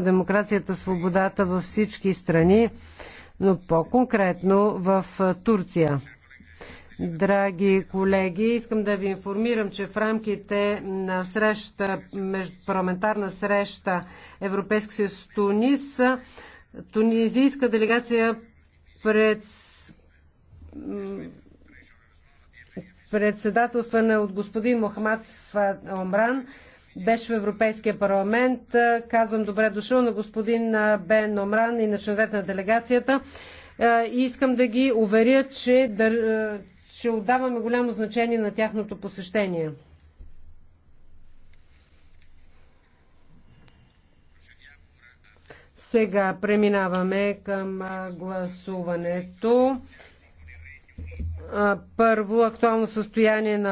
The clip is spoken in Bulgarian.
демокрацията, свободата във всички страни, но по-конкретно в Турция. Драги колеги, искам да ви информирам, че в рамките на среща, парламентарна среща Европейски съюз Тунис, тунизийска делегация пред председателстване от господин Мохамад Омран беше в Европейския парламент. Е, казвам добре дошъл на господин е, Бен Омран и на членовете на делегацията. Е, и искам да ги уверя, че, да, че отдаваме голямо значение на тяхното посещение. Сега преминаваме към гласуването. Първо, актуално състояние на